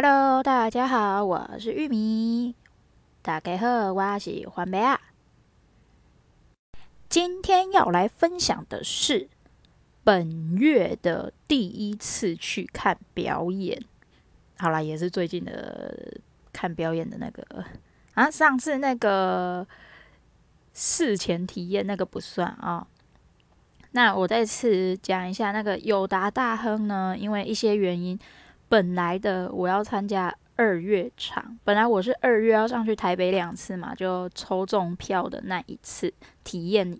Hello，大家好，我是玉米，大家好，我是黃白啊。今天要來分享的是本月的第一次去看表演，好啦，也是最近的看表演的那個啊。上次那個事前體驗那個不算啊、哦。那我再次講一下那個友達大亨呢，因為一些原因。本來的我要參加二月場，本來我是二月要上去台北兩次嘛，就抽中票的那一次體驗，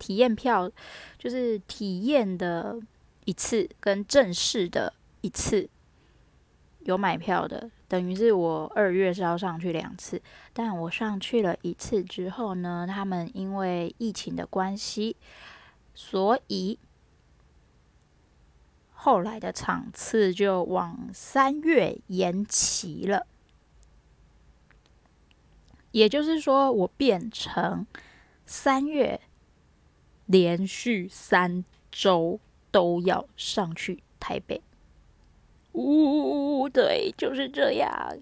體驗票就是體驗的一次跟正式的一次有買票的，等於是我二月是要上去兩次，但我上去了一次之後呢，他們因為疫情的關係，所以。後來的場次就往三月延期了，也就是說，我變成三月連續三周都要上去台北。嗚嗚嗚嗚，對，就是這樣。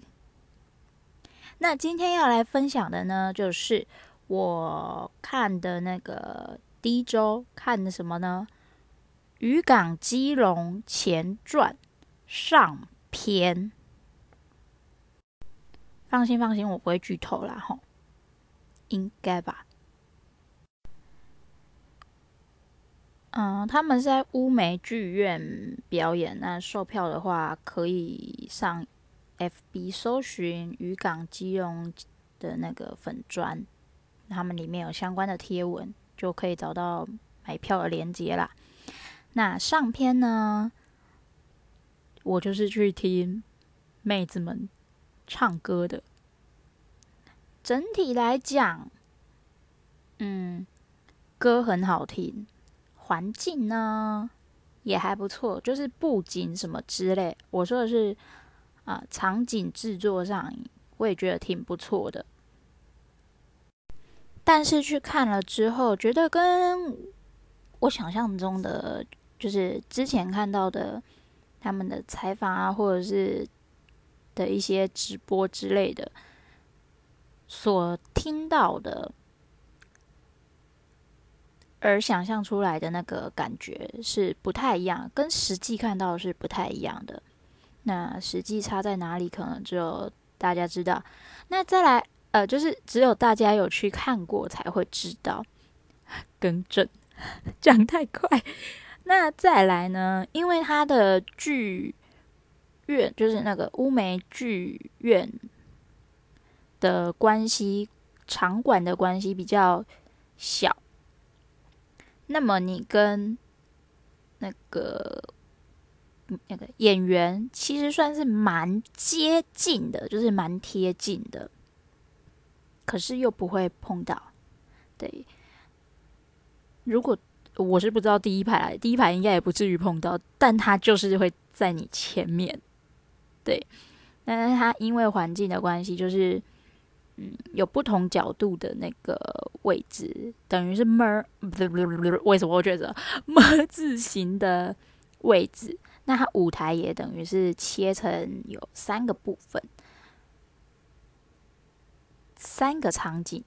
那今天要來分享的呢，就是我看的那個第一周看的什麼呢？《雨港基隆前傳》上篇，放心放心，我不會劇透啦，吼，應該吧。嗯，他們在烏梅劇院表演，那售票的話可以上 FB 搜尋《雨港基隆》的那個粉專，他們裡面有相關的貼文，就可以找到買票的鏈接啦。那上篇呢，我就是去聽妹子們唱歌的。整體來講，嗯，歌很好聽，環境呢也還不錯，就是布景什麼之類，我說的是啊、呃，場景制作上我也覺得挺不錯的。但是去看了之後，覺得跟我想象中的。就是之前看到的他們的採訪啊，或者是的一些直播之類的，所聽到的，而想象出來的那個感覺是不太一樣，跟實際看到的是不太一樣的。那實際差在哪裡，可能只有大家知道。那再來，呃，就是只有大家有去看過才會知道。更正，講太快。那再來呢？因為他的劇院就是那個烏梅劇院的關係，場館的關係比較小。那麼你跟那個那個演員其實算是蠻接近的，就是蠻貼近的，可是又不會碰到。對，如果。我是不知道第一排，第一排應該也不至於碰到，但他就是會在你前面，對，那他因為環境的關係，就是嗯，有不同角度的那個位置，等於是 ㄇ，為什麼我覺得 ㄇ 字 形的位置，那他舞台也等於是切成有三個部分，三個場景，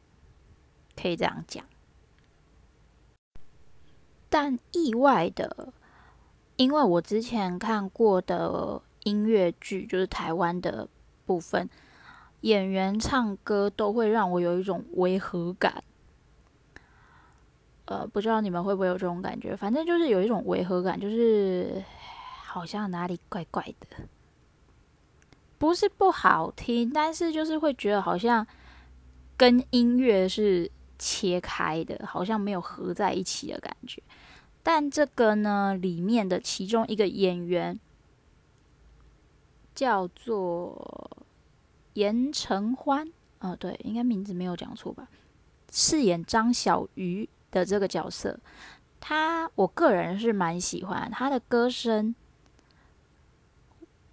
可以這樣講。但意外的，因為我之前看過的音樂劇，就是台灣的部分，演員唱歌都會讓我有一種違和感。呃，不知道你們會不會有這種感覺？反正就是有一種違和感，就是好像哪裡怪怪的。不是不好聽，但是就是會覺得好像跟音樂是。切開的，好像沒有合在一起的感覺。但這個呢，裡面的其中一個演員叫做嚴承歡，啊、哦，對，應該名字沒有講錯吧？飾演張小魚的這個角色，他我個人是蠻喜歡他的歌聲。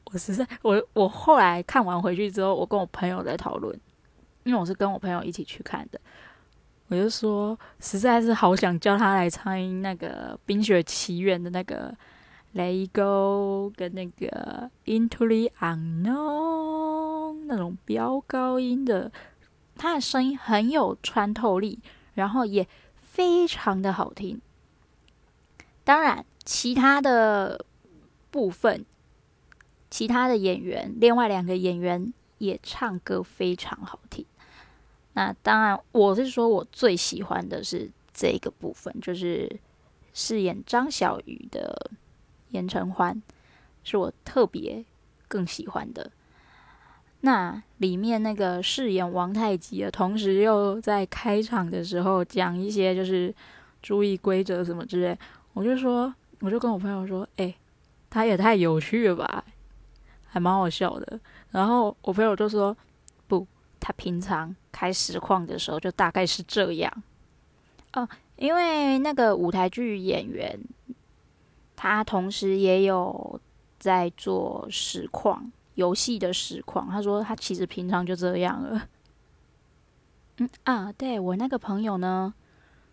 我實在，我我後來看完回去之後，我跟我朋友在討論，因為我是跟我朋友一起去看的。我就說，實在是好想叫他來唱那個《冰雪奇緣》的那個 “Let It Go” 跟那個 “Into the Unknown” 那種飆高音的，他的聲音很有穿透力，然後也非常的好聽。當然，其他的部分，其他的演員，另外兩個演員也唱歌非常好聽。那當然，我是說，我最喜歡的是這個部分，就是飾演張小魚的嚴承歡，是我特別更喜歡的。那裡面那個飾演王太極的同時，又在開場的時候講一些就是注意規則什麼之類，我就說，我就跟我朋友說，誒、欸，他也太有趣了吧，還蠻好笑的。然後我朋友就說。他平常開實況的時候，就大概是這樣。哦，因為那個舞台劇演員，他同時也有在做實況，遊戲的實況。他說他其實平常就這樣了。嗯，啊，對，我那個朋友呢，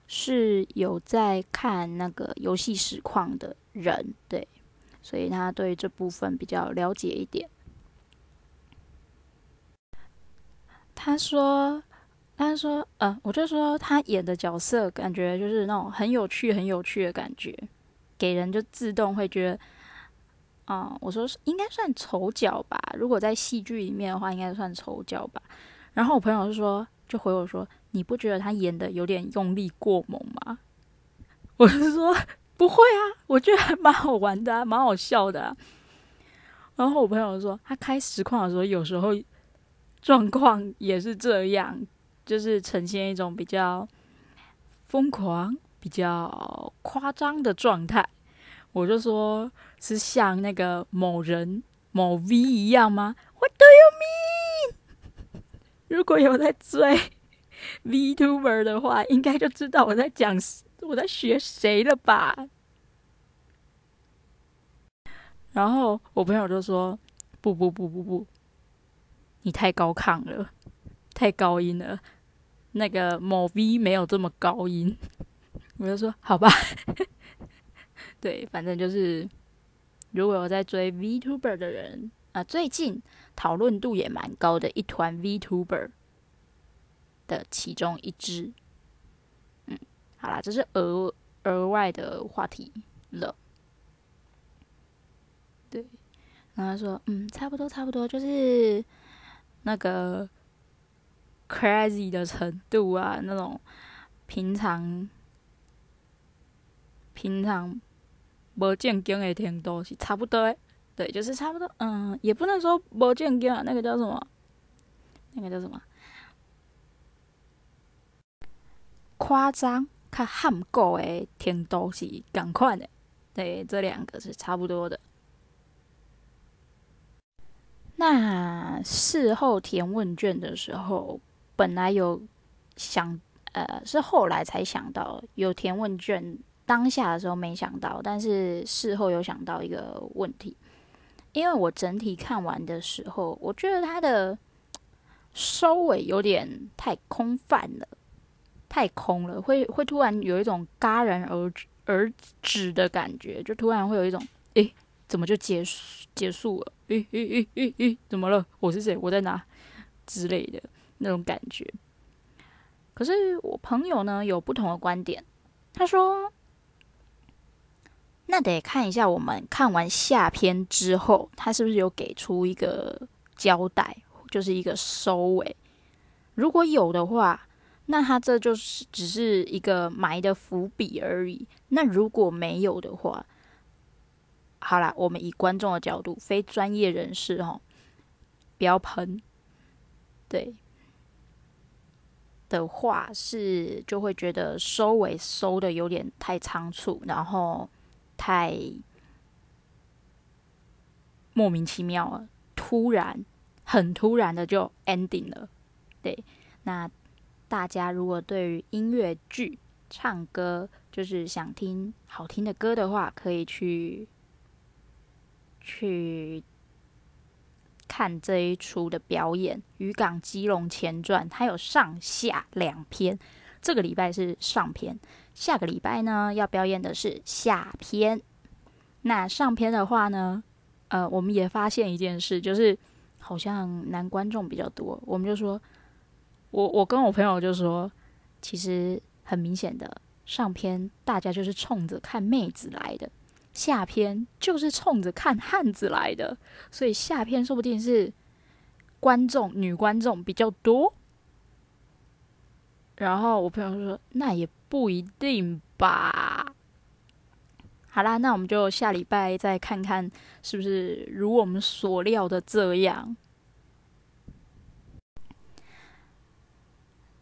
是有在看那個遊戲實況的人，對，所以他對這部分比較了解一點。他說，他說，呃，我就說他演的角色感覺就是那種很有趣、很有趣的感覺，給人就自動會覺得，啊、嗯，我說應該算丑角吧。如果在戲劇裡面的話，應該算丑角吧。然後我朋友就說，就回我說，你不覺得他演的有點用力過猛嗎？我就說不會啊，我覺得還蠻好玩的、啊，蠻好笑的、啊。然後我朋友說，他開實況的時候，有時候。狀況也是這樣，就是呈現一種比較瘋狂、比較誇張的狀態。我就說是像那個某人某 V 一樣嗎？What do you mean？如果有在追 VTuber 的話，應該就知道我在講我在學誰了吧。然後我朋友就說：“不不不不不。”你太高亢了，太高音了。那個某 V 沒有這麼高音，我就說好吧。 對，反正就是，如果有在追 VTuber 的人啊，最近討論度也蠻高的，一團 VTuber 的其中一支。嗯，好啦，這是額額外的話題了。對，然後他說嗯，差不多，差不多就是。那個 crazy 的程度啊，那種平常平常不正經的程度是差不多的，對，就是差不多，嗯，也不能說不正經啊，那個叫什麼？那個叫什麼？誇張較含糊的程度是同款的，對，這兩個是差不多的。那事後填問卷的時候，本來有想，呃，是後來才想到有填問卷。當下的時候沒想到，但是事後有想到一個問題，因為我整體看完的時候，我覺得它的收尾有點太空泛了，太空了，會會突然有一種戛然而而止的感覺，就突然會有一種，誒、欸，怎麼就結束結束了？咦咦咦怎麼了？我是誰？我在哪？之類的那種感覺。可是我朋友呢，有不同的觀點，他說，那得看一下我們看完下篇之後，他是不是有給出一個交代，就是一個收尾、欸。如果有的話，那他這就是只是一個埋的伏筆而已。那如果沒有的話，好啦，我們以觀眾的角度，非專業人士哦，不要噴。對的話，是就會覺得收尾收的有點太倉促，然後太莫名其妙了，突然很突然的就 ending 了。對，那大家如果對於音樂劇、唱歌，就是想聽好聽的歌的話，可以去。去看這一出的表演《雨港基隆前傳》，它有上下兩篇。這個禮拜是上篇，下個禮拜呢，要表演的是下篇。那上篇的話呢，呃，我們也發現一件事，就是好像男觀眾比較多。我們就說，我我跟我朋友就說，其實很明顯的，上篇大家就是衝着看妹子來的。下篇就是衝着看漢子來的，所以下篇說不定是觀眾，女觀眾比較多。然後我朋友說：“那也不一定吧。”好啦，那我們就下禮拜再看看是不是如我們所料的這樣。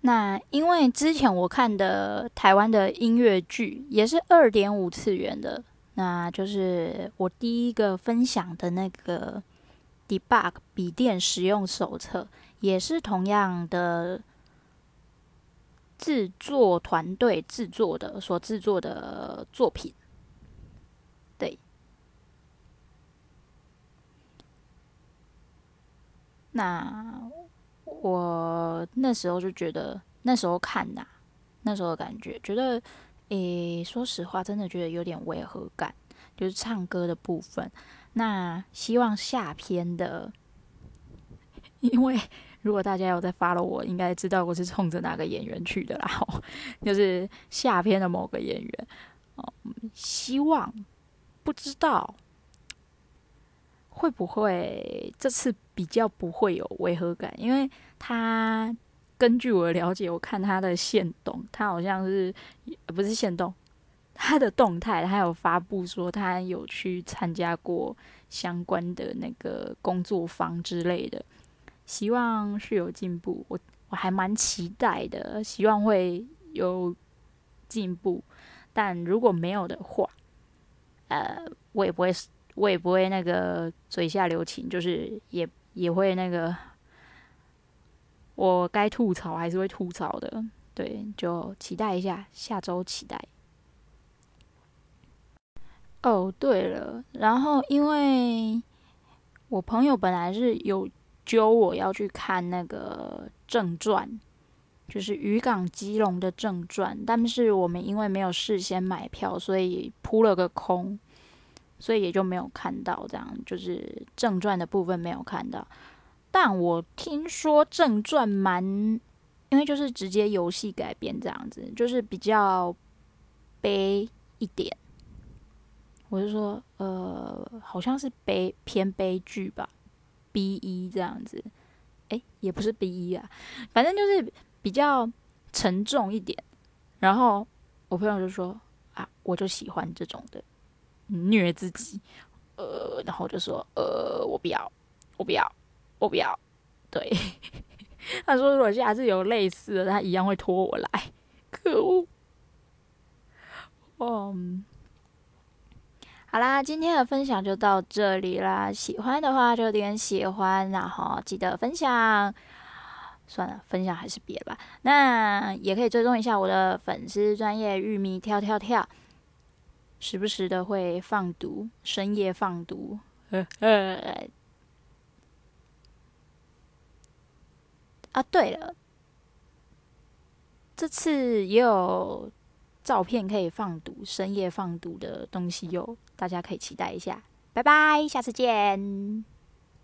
那因為之前我看的台灣的音樂劇也是二點五次元的。那就是我第一個分享的那個《Debug 筆電使用手冊》，也是同樣的製作團隊製作的，所製作的作品。對，那我那時候就覺得，那時候看吶、啊，那時候感覺覺得。誒、欸，說實話，真的覺得有點違和感，就是唱歌的部分。那希望下篇的，因為如果大家有在 follow，我應該知道我是衝着哪個演員去的啦。 就是下篇的某個演員，嗯、希望不知道會不會這次比較不會有違和感，因為他。根據我的了解，我看他的限動，他好像是、呃、不是限動，他的動態，他有發布說他有去參加過相關的那個工作坊之類的，希望是有進步，我我還蠻期待的，希望會有進步，但如果沒有的話，呃，我也不會，我也不會那個嘴下留情，就是也也會那個。我該吐槽還是會吐槽的，對，就期待一下下周期待。哦，對了，然後因為我朋友本來是有揪我要去看那個正傳，就是《雨港基隆》的正傳，但是我們因為沒有事先買票，所以撲了個空，所以也就沒有看到，這樣就是正傳的部分沒有看到。但我聽說正傳蠻，因為就是直接遊戲改編這樣子，就是比較悲一點。我就說，呃，好像是悲偏悲劇吧，BE 這樣子。哎、欸，也不是 BE 啊，反正就是比較沉重一點。然後我朋友就說，啊，我就喜歡這種的虐自己，呃，然後就說，呃，我不要，我不要。我不要，對 他說，如果下次有類似的，他一樣會拖我來。可惡！嗯、um，好啦，今天的分享就到這裡啦。喜歡的話就點喜歡，然後記得分享。算了，分享還是別了吧。那也可以追蹤一下我的粉絲專業玉米跳跳跳，時不時的會放毒，深夜放毒。 啊，對了，這次也有照片可以放毒，深夜放毒的東西有、哦，大家可以期待一下。拜拜，下次見。